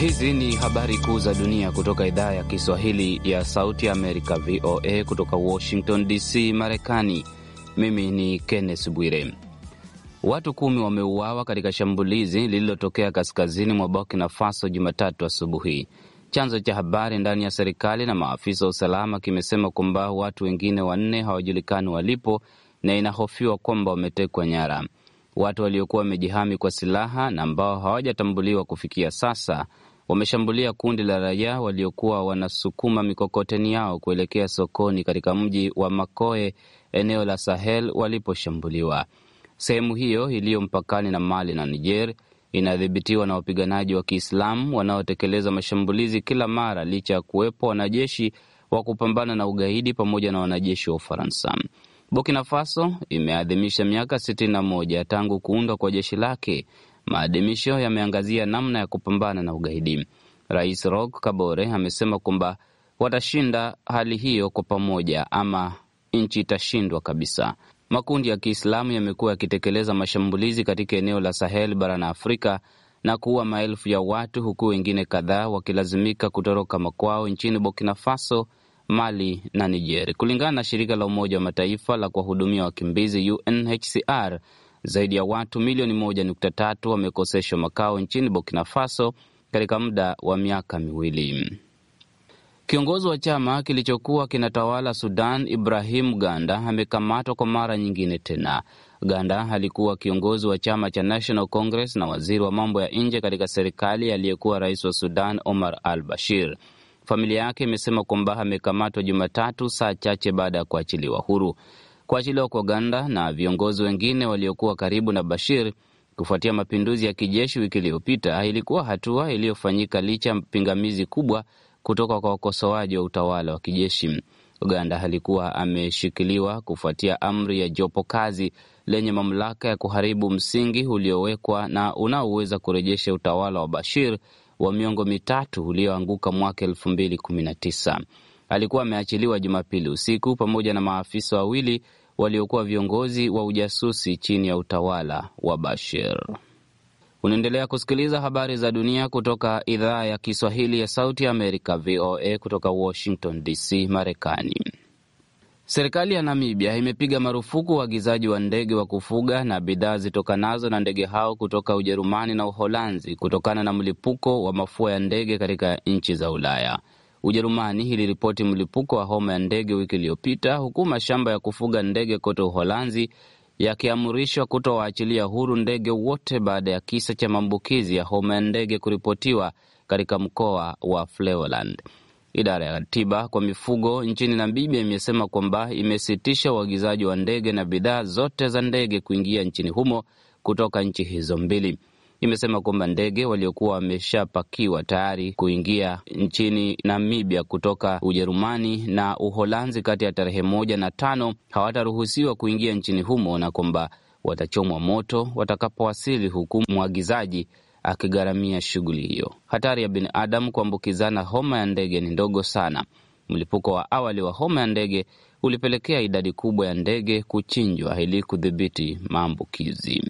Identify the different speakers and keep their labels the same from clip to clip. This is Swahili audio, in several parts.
Speaker 1: Hizi ni habari kuu za dunia kutoka idhaa ya Kiswahili ya Sauti ya Amerika, VOA, kutoka Washington DC, Marekani. Mimi ni Kenneth Bwire. Watu kumi wameuawa katika shambulizi lililotokea kaskazini mwa Burkina Faso Jumatatu asubuhi. Chanzo cha habari ndani ya serikali na maafisa wa usalama kimesema kwamba watu wengine wanne hawajulikani walipo na inahofiwa kwamba wametekwa nyara. Watu waliokuwa wamejihami kwa silaha na ambao hawajatambuliwa kufikia sasa wameshambulia kundi la raia waliokuwa wanasukuma mikokoteni yao kuelekea sokoni katika mji wa Makoe, eneo la Sahel waliposhambuliwa. Sehemu hiyo iliyo mpakani na Mali na Niger inadhibitiwa na wapiganaji wa Kiislamu wanaotekeleza mashambulizi kila mara licha ya kuwepo wanajeshi wa kupambana na ugaidi pamoja na wanajeshi wa Ufaransa. Burkina Faso imeadhimisha miaka 61 na moja tangu kuundwa kwa jeshi lake Maadhimisho yameangazia namna ya kupambana na ugaidi. Rais Roch Kabore amesema kwamba watashinda hali hiyo kwa pamoja, ama nchi itashindwa kabisa. Makundi ya Kiislamu yamekuwa yakitekeleza mashambulizi katika eneo la Sahel barani Afrika na kuua maelfu ya watu, huku wengine kadhaa wakilazimika kutoroka makwao nchini Burkina Faso, Mali na Niger. Kulingana na shirika la Umoja wa Mataifa la kuwahudumia wakimbizi UNHCR, zaidi ya watu milioni moja nukta tatu wamekoseshwa makao nchini Burkina Faso katika muda wa miaka miwili. Kiongozi wa chama kilichokuwa kinatawala Sudan, Ibrahim Ganda, amekamatwa kwa mara nyingine tena. Ganda alikuwa kiongozi wa chama cha National Congress na waziri wa mambo ya nje katika serikali aliyekuwa rais wa Sudan, Omar al Bashir. Familia yake imesema kwamba amekamatwa Jumatatu, saa chache baada ya kuachiliwa huru kuachiliwa kwa Uganda na viongozi wengine waliokuwa karibu na Bashir kufuatia mapinduzi ya kijeshi wiki iliyopita ilikuwa hatua iliyofanyika licha ya pingamizi kubwa kutoka kwa wakosoaji wa utawala wa kijeshi. Uganda alikuwa ameshikiliwa kufuatia amri ya jopo kazi lenye mamlaka ya kuharibu msingi uliowekwa na unaoweza kurejesha utawala wa Bashir wa miongo mitatu ulioanguka mwaka elfu mbili kumi na tisa alikuwa ameachiliwa Jumapili usiku pamoja na maafisa wawili waliokuwa viongozi wa ujasusi chini ya utawala wa Bashir. Unaendelea kusikiliza habari za dunia kutoka idhaa ya Kiswahili ya Sauti ya Amerika, VOA, kutoka Washington DC, Marekani. Serikali ya Namibia imepiga marufuku uagizaji wa, wa ndege wa kufuga na bidhaa zitokanazo na ndege hao kutoka Ujerumani na Uholanzi kutokana na mlipuko wa mafua ya ndege katika nchi za Ulaya. Ujerumani iliripoti mlipuko wa homa ya ndege wiki iliyopita, huku mashamba ya kufuga ndege kote Uholanzi yakiamrishwa kutowaachilia huru ndege wote baada ya kisa cha maambukizi ya homa ya ndege kuripotiwa katika mkoa wa Flevoland. Idara ya tiba kwa mifugo nchini Namibia imesema kwamba imesitisha uagizaji wa ndege na bidhaa zote za ndege kuingia nchini humo kutoka nchi hizo mbili imesema kwamba ndege waliokuwa wameshapakiwa tayari kuingia nchini Namibia kutoka Ujerumani na Uholanzi kati ya tarehe moja na tano hawataruhusiwa kuingia nchini humo na kwamba watachomwa moto watakapowasili, huku mwagizaji akigharamia shughuli hiyo. Hatari ya binadamu kuambukizana homa ya ndege ni ndogo sana. Mlipuko wa awali wa homa ya ndege ulipelekea idadi kubwa ya ndege kuchinjwa ili kudhibiti maambukizi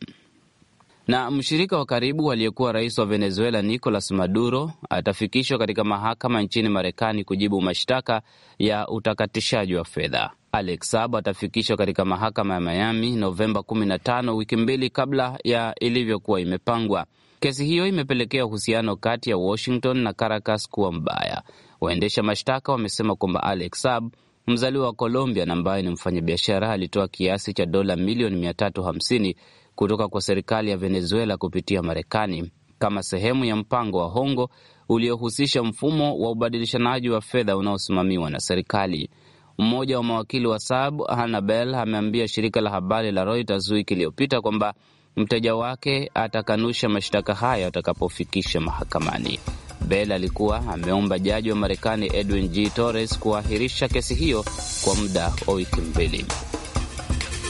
Speaker 1: na mshirika wa karibu aliyekuwa rais wa Venezuela Nicolas Maduro atafikishwa katika mahakama nchini Marekani kujibu mashtaka ya utakatishaji wa fedha. Alex Saab atafikishwa katika mahakama ya Miami Novemba 15, wiki mbili kabla ya ilivyokuwa imepangwa. Kesi hiyo imepelekea uhusiano kati ya Washington na Caracas kuwa mbaya. Waendesha mashtaka wamesema kwamba Alex Saab mzaliwa wa Colombia na ambaye ni mfanyabiashara alitoa kiasi cha dola milioni 350 kutoka kwa serikali ya Venezuela kupitia Marekani kama sehemu ya mpango wa hongo uliohusisha mfumo wa ubadilishanaji wa fedha unaosimamiwa na serikali. Mmoja wa mawakili wa Saab, Hanabel, ameambia shirika la habari la Reuters wiki iliyopita kwamba mteja wake atakanusha mashtaka hayo atakapofikisha mahakamani. Bel alikuwa ameomba jaji wa Marekani Edwin G Torres kuahirisha kesi hiyo kwa muda wa wiki mbili.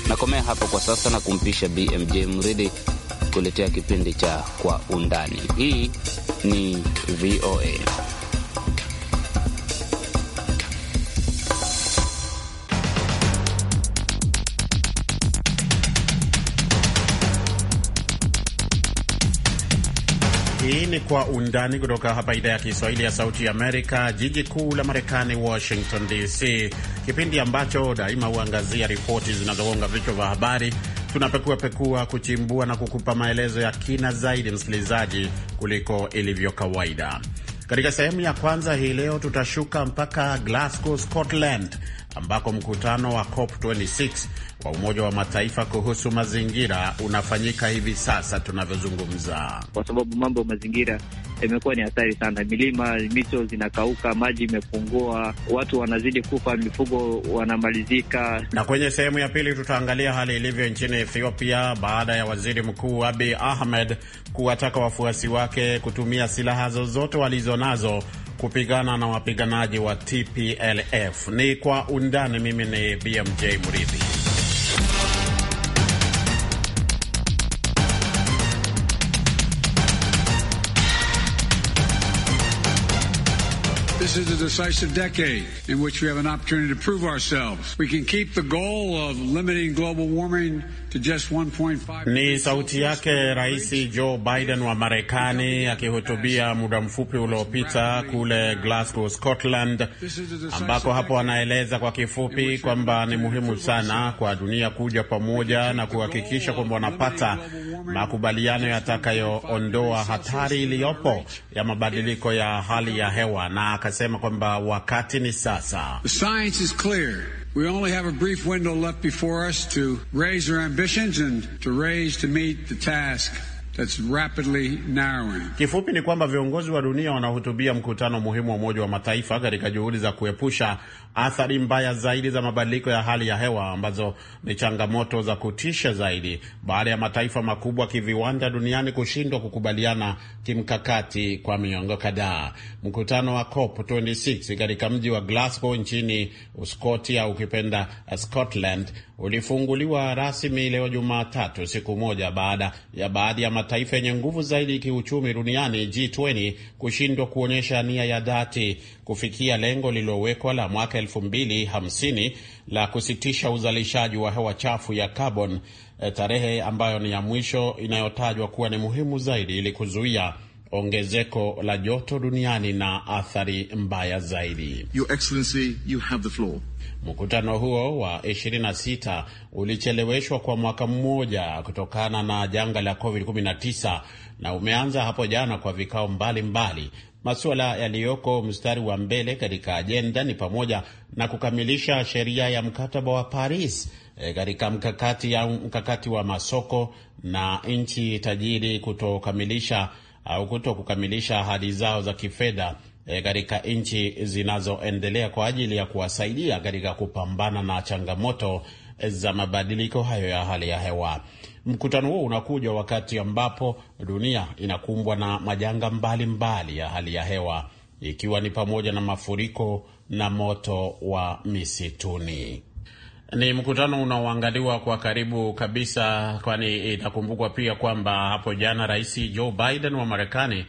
Speaker 1: Nakomea hapo kwa sasa na kumpisha BMJ Mridhi kuletea kipindi cha Kwa Undani. Hii ni VOA.
Speaker 2: Hii ni Kwa Undani kutoka hapa idhaa ya Kiswahili ya Sauti ya Amerika, jiji kuu la Marekani, Washington DC, kipindi ambacho daima huangazia ripoti zinazogonga vichwa vya habari. Tunapekuapekua, kuchimbua na kukupa maelezo ya kina zaidi, msikilizaji, kuliko ilivyo kawaida. Katika sehemu ya kwanza hii leo tutashuka mpaka Glasgow, Scotland, ambako mkutano wa COP26 wa Umoja wa Mataifa kuhusu mazingira unafanyika hivi sasa tunavyozungumza,
Speaker 3: kwa sababu mambo ya mazingira imekuwa ni hatari sana. Milima, mito zinakauka, maji imepungua, watu wanazidi kufa, mifugo
Speaker 2: wanamalizika. Na kwenye sehemu ya pili tutaangalia hali ilivyo nchini Ethiopia baada ya waziri mkuu Abiy Ahmed kuwataka wafuasi wake kutumia silaha zozote walizonazo kupigana na wapiganaji wa TPLF. Ni kwa undani. Mimi ni BMJ Muridhi.
Speaker 4: This is a decisive decade in which we have an opportunity to prove ourselves. We can keep the goal of limiting global warming
Speaker 2: Ni sauti yake Rais Joe Biden wa Marekani akihutubia muda mfupi uliopita kule Glasgow, Scotland, ambako hapo anaeleza kwa kifupi kwamba ni muhimu sana kwa dunia kuja pamoja na kuhakikisha kwamba wanapata makubaliano yatakayoondoa hatari iliyopo ya mabadiliko ya hali ya hewa, na akasema kwamba wakati ni sasa.
Speaker 4: The science is clear. We only have a brief window left before us to raise our ambitions and to raise to meet the task. That's rapidly narrowing. Kifupi ni kwamba viongozi wa dunia
Speaker 2: wanahutubia mkutano muhimu wa Umoja wa Mataifa katika juhudi za kuepusha athari mbaya zaidi za mabadiliko ya hali ya hewa ambazo ni changamoto za kutisha zaidi baada ya mataifa makubwa kiviwanda duniani kushindwa kukubaliana kimkakati kwa miongo kadhaa. Mkutano wa COP 26 katika mji wa Glasgow nchini Uskoti au ukipenda Scotland ulifunguliwa rasmi leo Jumatatu, siku moja baada ya baadhi ya mataifa yenye nguvu zaidi kiuchumi duniani G20 kushindwa kuonyesha nia ya dhati kufikia lengo lililowekwa la mwaka 2050 la kusitisha uzalishaji wa hewa chafu ya carbon, eh, tarehe ambayo ni ya mwisho inayotajwa kuwa ni muhimu zaidi ili kuzuia ongezeko la joto duniani na athari mbaya zaidi. Your Excellency, you have the floor. Mkutano huo wa 26 ulicheleweshwa kwa mwaka mmoja kutokana na janga la COVID-19 na umeanza hapo jana kwa vikao mbalimbali Masuala yaliyoko mstari wa mbele katika ajenda ni pamoja na kukamilisha sheria ya mkataba wa Paris e, katika mkakati ya mkakati wa masoko na nchi tajiri kutokamilisha au kuto kukamilisha ahadi zao za kifedha e, katika nchi zinazoendelea kwa ajili ya kuwasaidia katika kupambana na changamoto za mabadiliko hayo ya hali ya hewa. Mkutano huo unakuja wakati ambapo dunia inakumbwa na majanga mbalimbali mbali ya hali ya hewa ikiwa ni pamoja na mafuriko na moto wa misituni. Ni mkutano unaoangaliwa kwa karibu kabisa, kwani itakumbukwa pia kwamba hapo jana Rais Joe Biden wa Marekani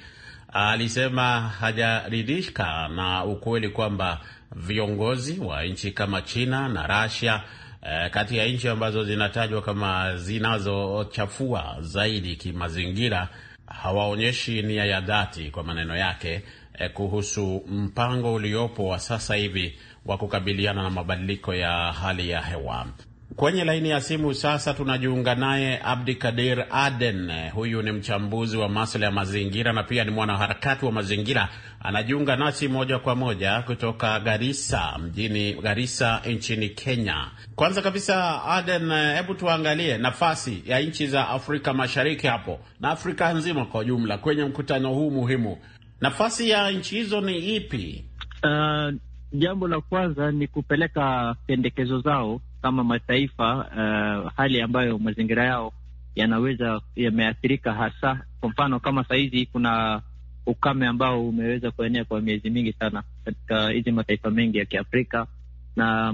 Speaker 2: alisema hajaridhika na ukweli kwamba viongozi wa nchi kama China na Russia eh, kati ya nchi ambazo zinatajwa kama zinazochafua zaidi kimazingira hawaonyeshi nia ya dhati, kwa maneno yake eh, kuhusu mpango uliopo wa sasa hivi wa kukabiliana na mabadiliko ya hali ya hewa. Kwenye laini ya simu sasa tunajiunga naye Abdikadir Aden. Huyu ni mchambuzi wa masala ya mazingira na pia ni mwanaharakati wa mazingira anajiunga nasi moja kwa moja kutoka Garissa mjini Garissa nchini Kenya. Kwanza kabisa, Aden, hebu tuangalie nafasi ya nchi za Afrika Mashariki hapo na Afrika nzima kwa ujumla kwenye mkutano huu muhimu. Nafasi ya nchi hizo ni ipi? Uh, jambo la kwanza ni kupeleka
Speaker 3: pendekezo zao kama mataifa uh, hali ambayo mazingira yao yanaweza yameathirika, hasa kwa mfano kama sahizi kuna ukame ambao umeweza kuenea kwa miezi mingi sana katika hizi mataifa mengi ya Kiafrika na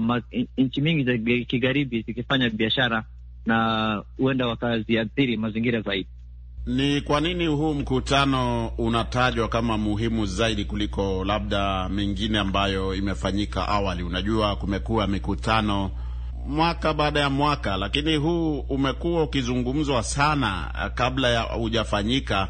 Speaker 2: nchi mingi za kigharibi zikifanya biashara na huenda wakaziathiri mazingira zaidi. Ni kwa nini huu mkutano unatajwa kama muhimu zaidi kuliko labda mingine ambayo imefanyika awali? Unajua, kumekuwa mikutano mwaka baada ya mwaka, lakini huu umekuwa ukizungumzwa sana kabla ya hujafanyika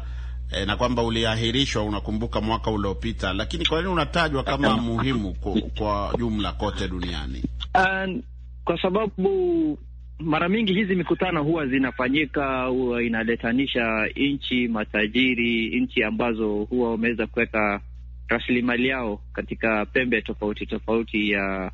Speaker 2: e, na kwamba uliahirishwa, unakumbuka, mwaka uliopita, lakini kwa nini unatajwa kama muhimu kwa, kwa jumla kote duniani?
Speaker 3: And, ah, kwa sababu mara mingi hizi mikutano huwa zinafanyika, huwa inaletanisha nchi matajiri, nchi ambazo huwa wameweza kuweka rasilimali yao katika pembe tofauti tofauti ya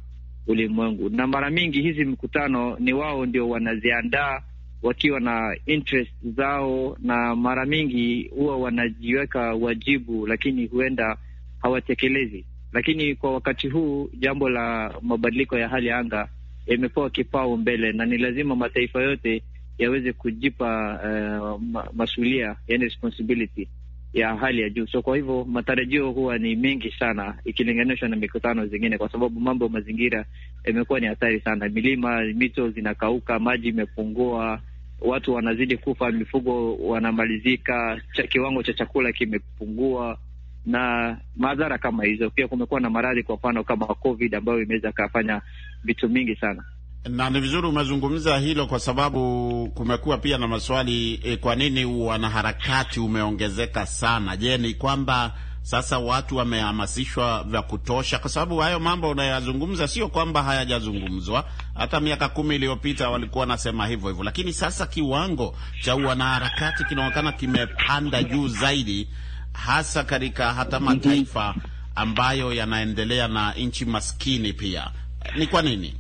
Speaker 3: ulimwengu, na mara mingi hizi mikutano ni wao ndio wanaziandaa wakiwa na interest zao, na mara mingi huwa wanajiweka wajibu, lakini huenda hawatekelezi. Lakini kwa wakati huu jambo la mabadiliko ya hali ya anga yamepewa kipao mbele na ni lazima mataifa yote yaweze kujipa uh, masulia, yani responsibility ya hali ya juu. So kwa hivyo matarajio huwa ni mengi sana ikilinganishwa na mikutano zingine, kwa sababu mambo ya mazingira yamekuwa ni hatari sana. Milima, mito zinakauka, maji imepungua, watu wanazidi kufa, mifugo wanamalizika, kiwango cha chakula kimepungua na madhara kama hizo. Pia kumekuwa na maradhi kwa mfano kama COVID ambayo imeweza kafanya vitu
Speaker 2: mingi sana na ni vizuri umezungumza hilo kwa sababu kumekuwa pia na maswali e, kwa nini wanaharakati umeongezeka sana? Je, ni kwamba sasa watu wamehamasishwa vya kutosha, kwa sababu hayo mambo unayazungumza sio kwamba hayajazungumzwa. Hata miaka kumi iliyopita walikuwa wanasema hivyo hivyo, lakini sasa kiwango cha wanaharakati kinaonekana kimepanda juu zaidi, hasa katika hata mataifa ambayo yanaendelea na nchi maskini pia. Ni kwa nini?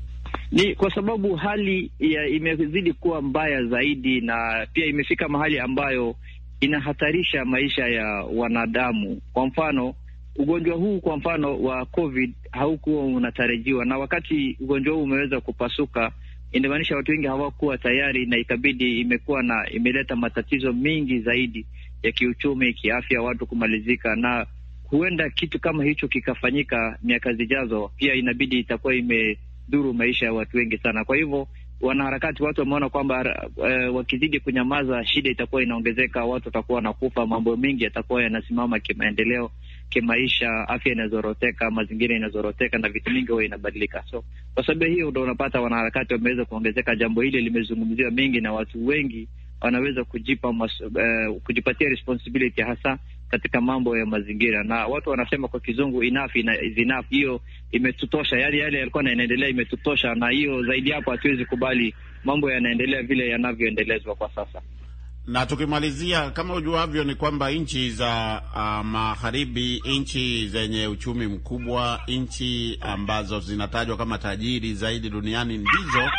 Speaker 3: Ni kwa sababu hali imezidi kuwa mbaya zaidi, na pia imefika mahali ambayo inahatarisha maisha ya wanadamu. Kwa mfano ugonjwa huu kwa mfano wa COVID haukuwa unatarajiwa, na wakati ugonjwa huu umeweza kupasuka, inamaanisha watu wengi hawakuwa tayari, na ikabidi imekuwa na imeleta matatizo mengi zaidi ya kiuchumi, kiafya, watu kumalizika, na huenda kitu kama hicho kikafanyika miaka zijazo, pia inabidi itakuwa imedhuru maisha ya watu wengi sana. Kwa hivyo wanaharakati, watu wameona kwamba e, wakizidi kunyamaza, shida itakuwa inaongezeka, watu watakuwa wanakufa, mambo mengi yatakuwa yanasimama kimaendeleo, kimaisha, afya inazoroteka, mazingira inazoroteka, na vitu mingi huwa inabadilika. So kwa sababu hiyo ndo unapata wanaharakati wameweza kuongezeka. Jambo hili limezungumziwa mengi na watu wengi wanaweza kujipa mas, uh, kujipatia responsibility hasa katika mambo ya mazingira, na watu wanasema kwa kizungu inafi na zinaf, Hiyo imetutosha, yani yale yalikuwa yanaendelea imetutosha, na hiyo zaidi hapo hatuwezi kubali mambo yanaendelea vile yanavyoendelezwa kwa sasa.
Speaker 2: Na tukimalizia, kama ujuavyo, ni kwamba nchi za uh, magharibi, nchi zenye uchumi mkubwa, nchi ambazo zinatajwa kama tajiri zaidi duniani ndizo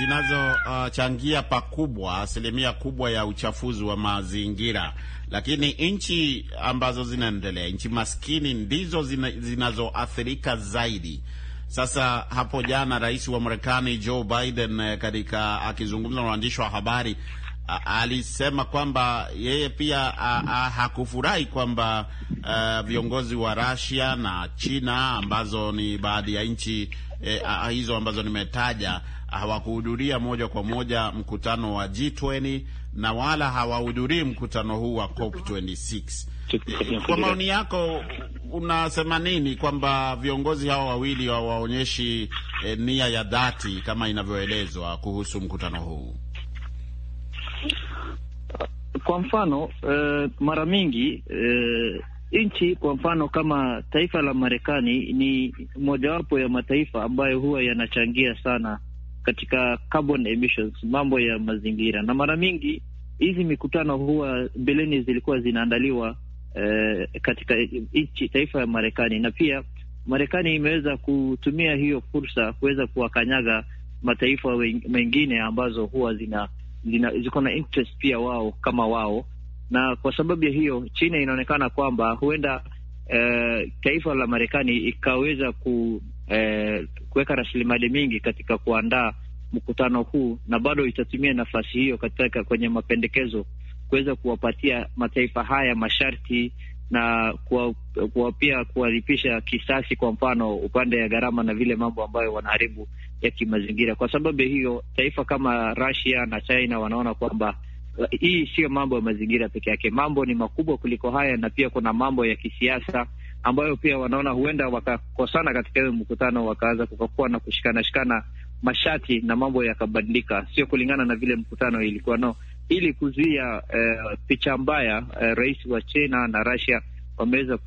Speaker 2: zinazochangia uh, pakubwa asilimia kubwa ya uchafuzi wa mazingira. Lakini nchi ambazo zinaendelea, nchi maskini ndizo zinazoathirika zaidi. Sasa hapo jana, rais wa Marekani Joe Biden eh, katika akizungumza na waandishi wa habari alisema kwamba yeye pia a, a, hakufurahi kwamba a, eh, viongozi wa Russia na China ambazo ni baadhi ya nchi e, eh, hizo ambazo nimetaja hawakuhudhuria moja kwa moja mkutano wa G20 na wala hawahudhurii mkutano huu wa COP 26. Kwa maoni yako unasema nini kwamba viongozi hao wawili hawaonyeshi e, nia ya dhati kama inavyoelezwa kuhusu mkutano huu?
Speaker 3: Kwa mfano uh, mara mingi uh, nchi kwa mfano kama taifa la Marekani ni mojawapo ya mataifa ambayo huwa yanachangia sana katika carbon emissions, mambo ya mazingira. Na mara mingi hizi mikutano huwa mbeleni zilikuwa zinaandaliwa eh, katika nchi taifa ya Marekani, na pia Marekani imeweza kutumia hiyo fursa kuweza kuwakanyaga mataifa mengine ambazo huwa zina, zina, ziko na interest pia wao kama wao, na kwa sababu ya hiyo China inaonekana kwamba huenda eh, taifa la Marekani ikaweza ku eh, kuweka rasilimali mingi katika kuandaa mkutano huu, na bado itatumia nafasi hiyo katika kwenye mapendekezo kuweza kuwapatia mataifa haya masharti na kuwa, pia kuwalipisha kisasi, kwa mfano upande ya gharama na vile mambo ambayo wanaharibu ya kimazingira. Kwa sababu hiyo taifa kama Russia na China wanaona kwamba eh, hii siyo mambo ya mazingira peke yake, mambo ni makubwa kuliko haya, na pia kuna mambo ya kisiasa ambayo pia wanaona huenda wakakosana katika hiyo mkutano, wakaanza kukakuwa na kushikanashikana mashati na mambo yakabadilika, sio kulingana na vile mkutano ilikuwa no. Ili kuzuia eh, picha mbaya eh, rais wa China na Russia wameweza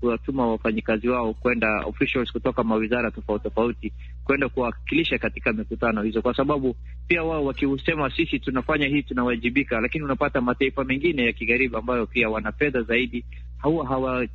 Speaker 3: kuwatuma wafanyikazi wao kwenda officials kutoka mawizara tofauti tofauti kwenda kuwakilisha katika mikutano hizo, kwa sababu pia wao wakisema sisi tunafanya hii tunawajibika, lakini unapata mataifa mengine ya kigharibi ambayo pia wana fedha zaidi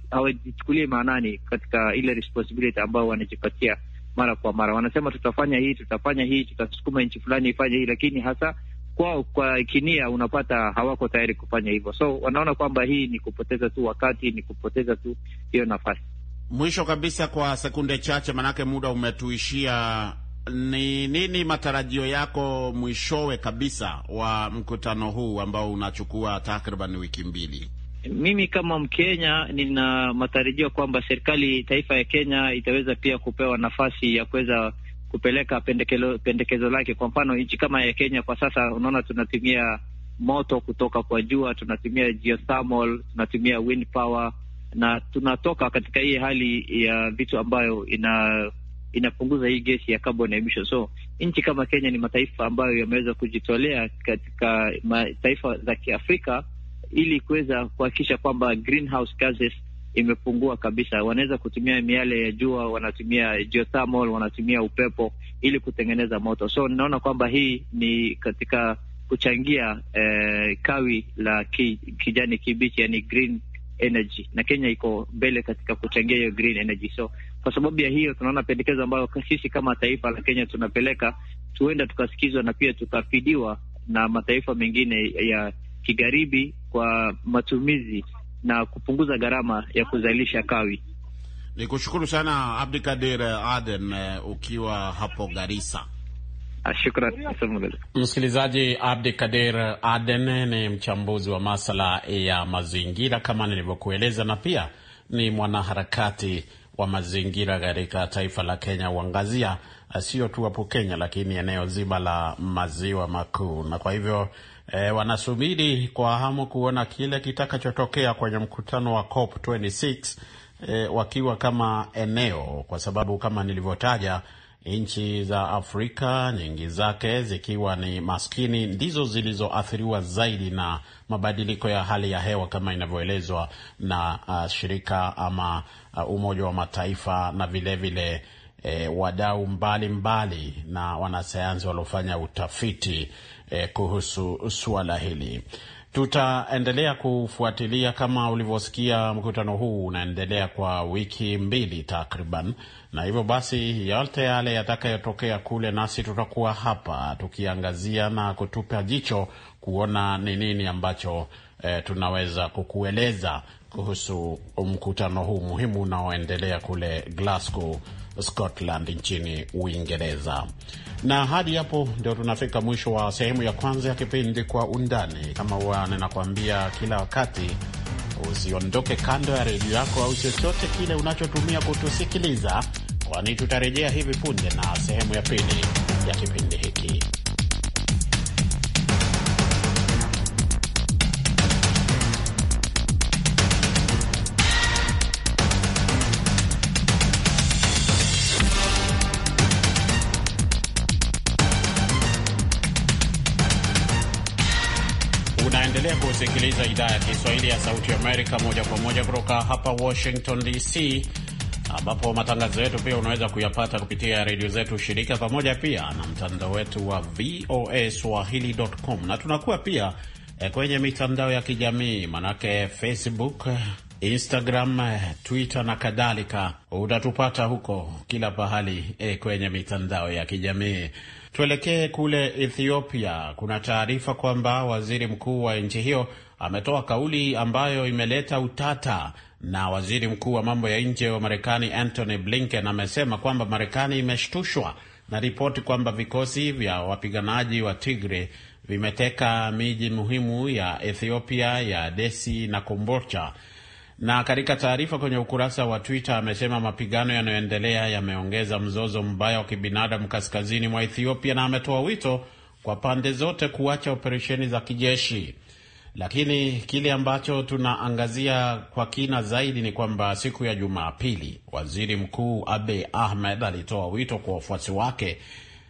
Speaker 3: hawajichukulie hawa maanani katika ile responsibility ambao wanajipatia mara kwa mara. Wanasema tutafanya hii, tutafanya hii, tutasukuma nchi fulani ifanye hii, lakini hasa kwao kwa kinia unapata hawako tayari kufanya hivyo, so wanaona kwamba hii ni kupoteza tu wakati, ni kupoteza tu hiyo
Speaker 2: nafasi. Mwisho kabisa, kwa sekunde chache, manake muda umetuishia, ni nini matarajio yako mwishowe kabisa wa mkutano huu ambao unachukua takriban wiki mbili?
Speaker 3: Mimi kama Mkenya nina matarajio kwamba serikali taifa ya Kenya itaweza pia kupewa nafasi ya kuweza kupeleka pendekelo, pendekezo lake. Kwa mfano nchi kama ya Kenya kwa sasa unaona tunatumia moto kutoka kwa jua, tunatumia geothermal, tunatumia wind power na tunatoka katika hii hali ya vitu ambayo ina inapunguza hii gesi ya carbon emission. So nchi kama Kenya ni mataifa ambayo yameweza kujitolea katika mataifa za Kiafrika ili kuweza kuhakikisha kwamba greenhouse gases imepungua kabisa. Wanaweza kutumia miale ya jua, wanatumia geothermal, wanatumia upepo ili kutengeneza moto. So naona kwamba hii ni katika kuchangia eh, kawi la ki, kijani kibichi, yani green energy, na Kenya iko mbele katika kuchangia hiyo green energy. So kwa sababu ya hiyo, tunaona pendekezo ambayo sisi kama taifa la Kenya tunapeleka, tuenda tukasikizwa na pia tukafidiwa na mataifa mengine ya kigharibi kwa matumizi na kupunguza gharama ya kuzalisha kawi.
Speaker 2: Ni kushukuru sana Abdikadir Aden eh, ukiwa hapo Garisa. Ah, msikilizaji. Abdi Kadir Aden ni mchambuzi wa masala ya mazingira kama nilivyokueleza, na pia ni mwanaharakati wa mazingira katika taifa la Kenya. Uangazia eh, sio tu hapo Kenya, lakini eneo zima la maziwa makuu, na kwa hivyo e, wanasubiri kwa hamu kuona kile kitakachotokea kwenye mkutano wa COP 26 e, wakiwa kama eneo, kwa sababu kama nilivyotaja nchi za Afrika nyingi zake zikiwa ni maskini ndizo zilizoathiriwa zaidi na mabadiliko ya hali ya hewa kama inavyoelezwa na uh, shirika ama uh, Umoja wa Mataifa na vilevile vile, e, wadau mbalimbali na wanasayansi waliofanya utafiti eh, kuhusu suala hili. Tutaendelea kufuatilia. Kama ulivyosikia, mkutano huu unaendelea kwa wiki mbili takriban, na hivyo basi yote yale yatakayotokea kule, nasi tutakuwa hapa tukiangazia na kutupa jicho kuona ni nini ambacho eh, tunaweza kukueleza kuhusu mkutano huu muhimu unaoendelea kule Glasgow, Scotland, nchini Uingereza. Na hadi hapo ndio tunafika mwisho wa sehemu ya kwanza ya kipindi Kwa Undani. Kama huwa ninakuambia kila wakati, usiondoke kando ya redio yako au chochote kile unachotumia kutusikiliza, kwani tutarejea hivi punde na sehemu ya pili ya kipindi hiki. Unaendelea kusikiliza idhaa ya Kiswahili ya Sauti Amerika moja kwa moja kutoka hapa Washington DC, ambapo matangazo yetu pia unaweza kuyapata kupitia redio zetu shirika, pamoja pia na mtandao wetu wa VOA swahili.com, na tunakuwa pia eh, kwenye mitandao ya kijamii manake Facebook, Instagram, Twitter na kadhalika. Utatupata huko kila pahali eh, kwenye mitandao ya kijamii. Tuelekee kule Ethiopia. Kuna taarifa kwamba waziri mkuu wa nchi hiyo ametoa kauli ambayo imeleta utata, na waziri mkuu wa mambo ya nje wa Marekani Antony Blinken amesema kwamba Marekani imeshtushwa na ripoti kwamba vikosi vya wapiganaji wa Tigre vimeteka miji muhimu ya Ethiopia ya Desi na Kombocha na katika taarifa kwenye ukurasa wa Twitter amesema mapigano yanayoendelea yameongeza mzozo mbaya wa kibinadamu kaskazini mwa Ethiopia, na ametoa wito kwa pande zote kuacha operesheni za kijeshi. Lakini kile ambacho tunaangazia kwa kina zaidi ni kwamba siku ya Jumapili, waziri mkuu Abiy Ahmed alitoa wito kwa wafuasi wake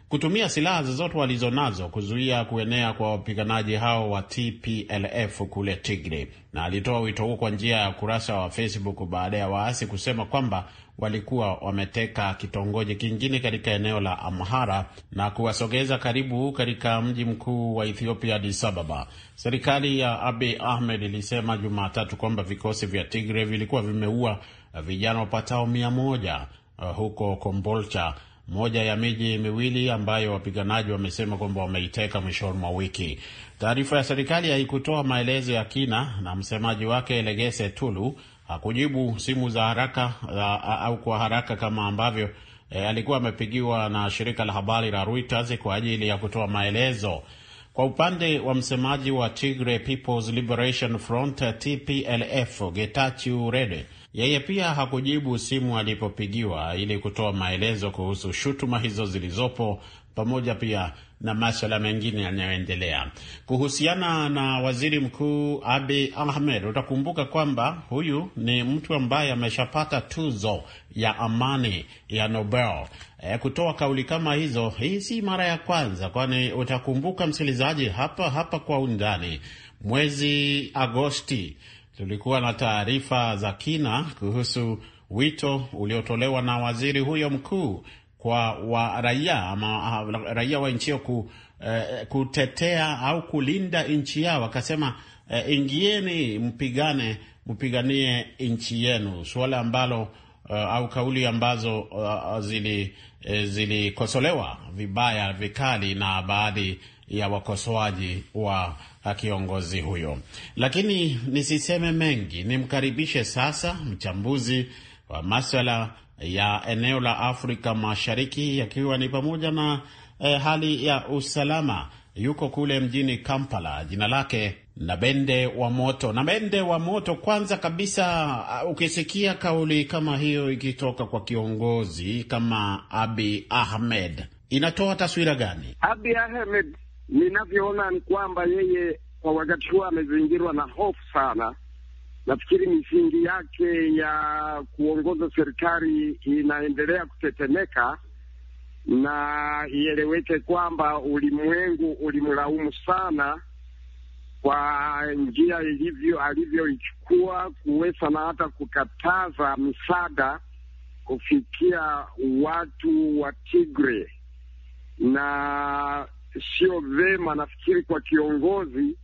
Speaker 2: kutumia silaha zozote walizonazo kuzuia kuenea kwa wapiganaji hao wa TPLF kule Tigray, na alitoa wito huo kwa njia ya ukurasa wa Facebook baada ya waasi kusema kwamba walikuwa wameteka kitongoji kingine katika eneo la Amhara na kuwasogeza karibu katika mji mkuu wa Ethiopia, Addis Ababa. Serikali ya Abiy Ahmed ilisema Jumatatu kwamba vikosi vya Tigray vilikuwa vimeua vijana wapatao mia moja uh, huko Kombolcha moja ya miji miwili ambayo wapiganaji wamesema kwamba wameiteka mwishoni mwa wiki. Taarifa ya serikali haikutoa maelezo ya kina, na msemaji wake legese Tulu hakujibu simu za haraka a, au kwa haraka kama ambavyo e, alikuwa amepigiwa na shirika la habari la Reuters kwa ajili ya kutoa maelezo. Kwa upande wa msemaji wa Tigray People's Liberation Front TPLF Getachew Rede yeye pia hakujibu simu alipopigiwa ili kutoa maelezo kuhusu shutuma hizo zilizopo pamoja pia na maswala mengine yanayoendelea kuhusiana na waziri mkuu Abi Ahmed. Utakumbuka kwamba huyu ni mtu ambaye ameshapata tuzo ya amani ya Nobel. E, kutoa kauli kama hizo, hii si mara ya kwanza, kwani utakumbuka msikilizaji, hapa hapa kwa undani mwezi Agosti tulikuwa na taarifa za kina kuhusu wito uliotolewa na waziri huyo mkuu kwa wa raia ama ah, raia wa nchi hiyo ku, eh, kutetea au kulinda nchi yao. Akasema eh, ingieni mpigane, mpiganie nchi yenu, suala ambalo Uh, au kauli ambazo uh, zili, eh, zilikosolewa vibaya vikali na baadhi ya wakosoaji wa uh, kiongozi huyo. Lakini nisiseme mengi, nimkaribishe sasa mchambuzi wa maswala ya eneo la Afrika Mashariki, yakiwa ni pamoja na eh, hali ya usalama. Yuko kule mjini Kampala, jina lake Nabende wa Moto. Nabende wa Moto, kwanza kabisa, uh, ukisikia kauli kama hiyo ikitoka kwa kiongozi kama Abi Ahmed inatoa taswira gani?
Speaker 4: Abi Ahmed ninavyoona ni kwamba yeye kwa wakati huo amezingirwa na hofu sana. Nafikiri misingi yake ya kuongoza serikali inaendelea kutetemeka, na ieleweke kwamba ulimwengu ulimlaumu sana kwa njia ilivyo alivyoichukua kuweza na hata kukataza misaada kufikia watu wa Tigre na sio vema, nafikiri kwa kiongozi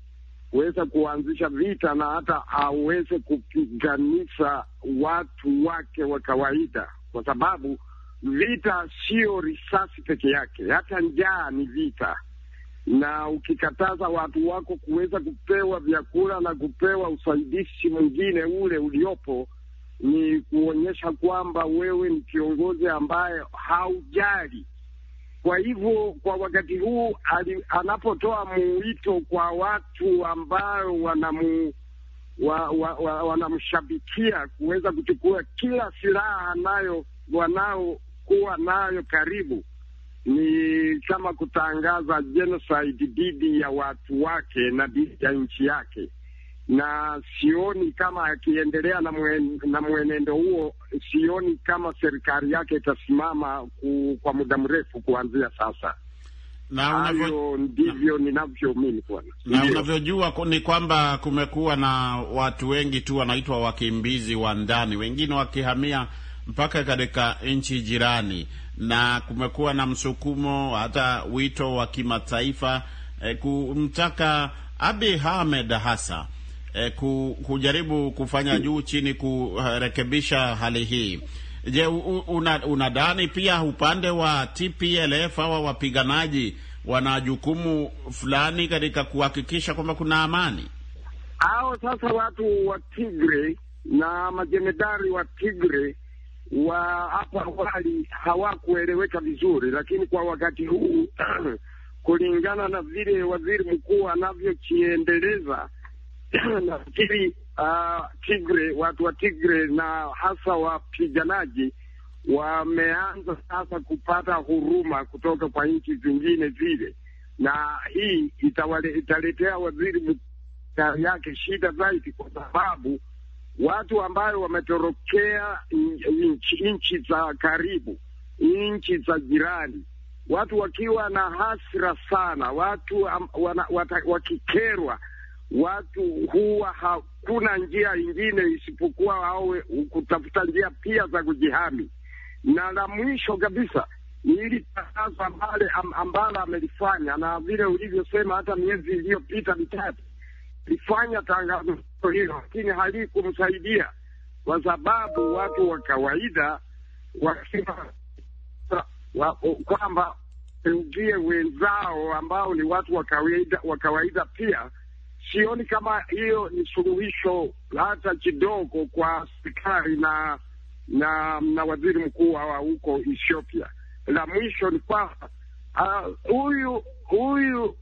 Speaker 4: kuweza kuanzisha vita na hata aweze kupiganisha watu wake wa kawaida, kwa sababu vita sio risasi peke yake, hata njaa ni vita. Na ukikataza watu wako kuweza kupewa vyakula na kupewa usaidizi mwingine ule uliopo, ni kuonyesha kwamba wewe ni kiongozi ambaye haujali kwa hivyo kwa wakati huu anapotoa mwito kwa watu ambao wanamu wa, wa, wa, wanamshabikia kuweza kuchukua kila silaha anayo wanaokuwa nayo karibu, ni kama kutangaza genocide dhidi ya watu wake na dhidi ya nchi yake na sioni kama akiendelea na, mwen, na mwenendo huo, sioni kama serikali yake itasimama ku, kwa muda mrefu kuanzia sasa. Hayo ndivyo ninavyoamini bwana.
Speaker 2: Na unavyojua ni kwamba kumekuwa na watu wengi tu wanaitwa wakimbizi wa ndani, wengine wakihamia mpaka katika nchi jirani, na kumekuwa na msukumo, hata wito wa kimataifa eh, kumtaka Abiy Ahmed hasa eh, kujaribu kufanya hmm. juu chini kurekebisha hali hii. Je, unadhani una pia upande wa TPLF hawa wapiganaji wana jukumu fulani katika kuhakikisha kwamba kuna amani?
Speaker 4: Hao sasa watu wa Tigre na majemedari wa Tigre wa hapo awali hawakueleweka vizuri, lakini kwa wakati huu kulingana na vile waziri mkuu anavyokiendeleza nafikiri uh, Tigre, watu wa Tigre na hasa wapiganaji wameanza sasa kupata huruma kutoka kwa nchi zingine zile, na hii itawale, italetea waziri mkuu yake shida zaidi, kwa sababu watu ambayo wametorokea nchi za karibu, nchi za jirani, watu wakiwa na hasira sana, watu um, wana, wata, wakikerwa watu huwa hakuna njia ingine isipokuwa awe kutafuta njia pia za kujihami. Na la mwisho kabisa ni hili tangazo ambalo amelifanya, na vile ulivyosema, hata miezi iliyopita mitatu lifanya tangazo hilo, lakini halikumsaidia kwa sababu watu wa kawaida wakisema kwamba ugie wenzao ambao ni watu wa kawaida wa kawaida pia sioni kama hiyo ni suluhisho hata kidogo kwa serikali na, na na waziri mkuu wa huko Ethiopia. La mwisho ni kwamba ah, huyu huyu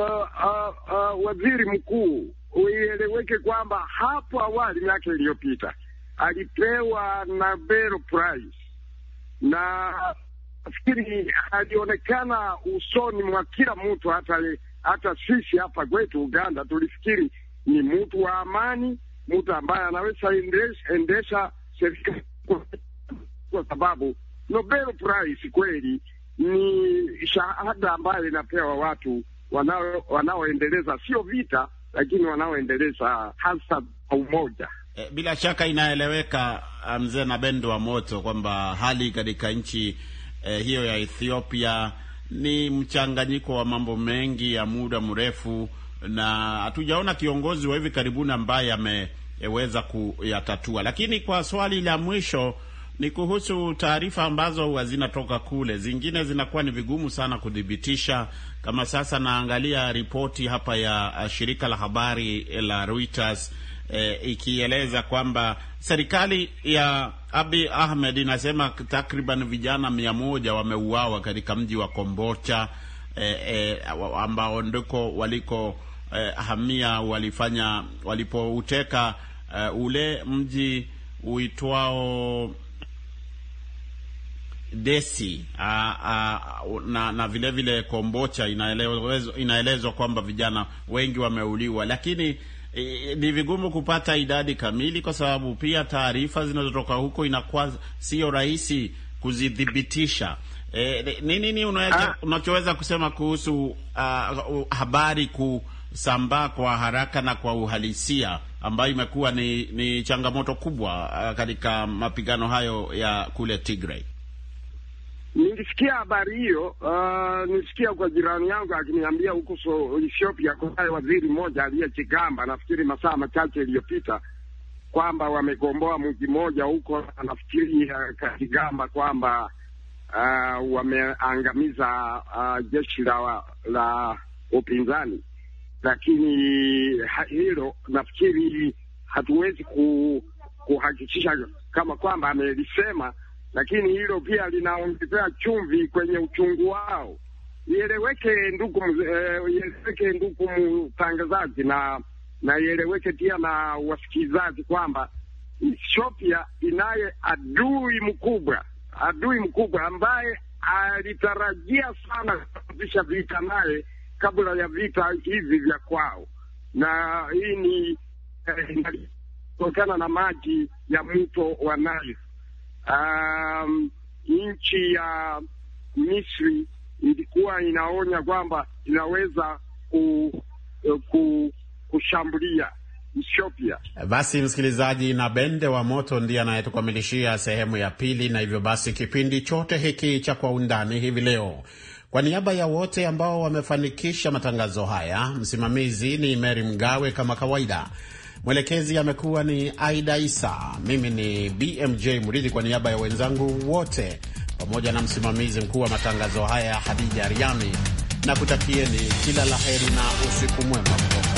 Speaker 4: ah, ah, waziri mkuu uieleweke kwamba hapo awali miaka iliyopita alipewa Nobel Prize na nafikiri alionekana usoni mwa kila mtu hata le, hata sisi hapa kwetu Uganda tulifikiri ni mtu wa amani, mtu ambaye anaweza endesha, endesha serikali kwa sababu Nobel Prize kweli ni shahada ambayo inapewa watu wanao wanaoendeleza sio vita, lakini wanaoendeleza hasa umoja.
Speaker 2: Eh, bila shaka inaeleweka, ah, mzee Nabendo wa Moto, kwamba hali katika nchi e, hiyo ya Ethiopia ni mchanganyiko wa mambo mengi ya muda mrefu, na hatujaona kiongozi wa hivi karibuni ambaye ameweza kuyatatua. Lakini kwa swali la mwisho ni kuhusu taarifa ambazo huwa zinatoka kule, zingine zinakuwa ni vigumu sana kudhibitisha. Kama sasa naangalia ripoti hapa ya shirika la habari la Reuters eh, ikieleza kwamba serikali ya Abi Ahmed inasema takriban vijana mia moja wameuawa katika mji wa Kombocha eh, eh, ambao ndiko waliko eh, hamia walifanya walipouteka eh, ule mji uitwao Desi a, a, na, na vile vile Kombocha. Inaelezwa kwamba vijana wengi wameuliwa, lakini E, e, ni vigumu kupata idadi kamili, kwa sababu pia taarifa zinazotoka huko inakuwa sio rahisi kuzithibitisha. E, nini ni ah. unachoweza kusema kuhusu uh, habari kusambaa kwa haraka na kwa uhalisia ambayo imekuwa ni, ni changamoto kubwa uh, katika mapigano hayo ya kule Tigray?
Speaker 4: nilisikia habari hiyo uh, nilisikia kwa jirani yangu akiniambia huko Ethiopia kunaye waziri mmoja aliyechigamba, nafikiri masaa machache iliyopita kwamba wamegomboa mji mmoja huko, nafikiri akachigamba uh, kwamba uh, wameangamiza uh, jeshi la, la upinzani, lakini hilo nafikiri hatuwezi kuhakikisha kama kwamba amelisema lakini hilo pia linaongezea chumvi kwenye uchungu wao. Ieleweke ndugu, eh, ieleweke e, ndugu mtangazaji, na na ieleweke pia na wasikilizaji kwamba Ethiopia inaye adui mkubwa, adui mkubwa ambaye alitarajia sana kuanzisha vita naye kabla ya vita hivi vya kwao, na hii ni kutokana eh, na maji ya mto wa Nile um, nchi ya Misri ilikuwa inaonya kwamba inaweza ku, eh, ku, kushambulia
Speaker 2: Ethiopia. Basi msikilizaji, na Bende wa Moto ndiye anayetukamilishia sehemu ya pili, na hivyo basi kipindi chote hiki cha Kwa Undani hivi leo kwa niaba ya wote ambao wamefanikisha matangazo haya, msimamizi ni Meri Mgawe kama kawaida. Mwelekezi amekuwa ni Aida Isa, mimi ni BMJ Mridhi kwa niaba ya wenzangu wote pamoja na msimamizi mkuu wa matangazo haya Hadija Riami, na kutakieni kila la heri na usiku mwema.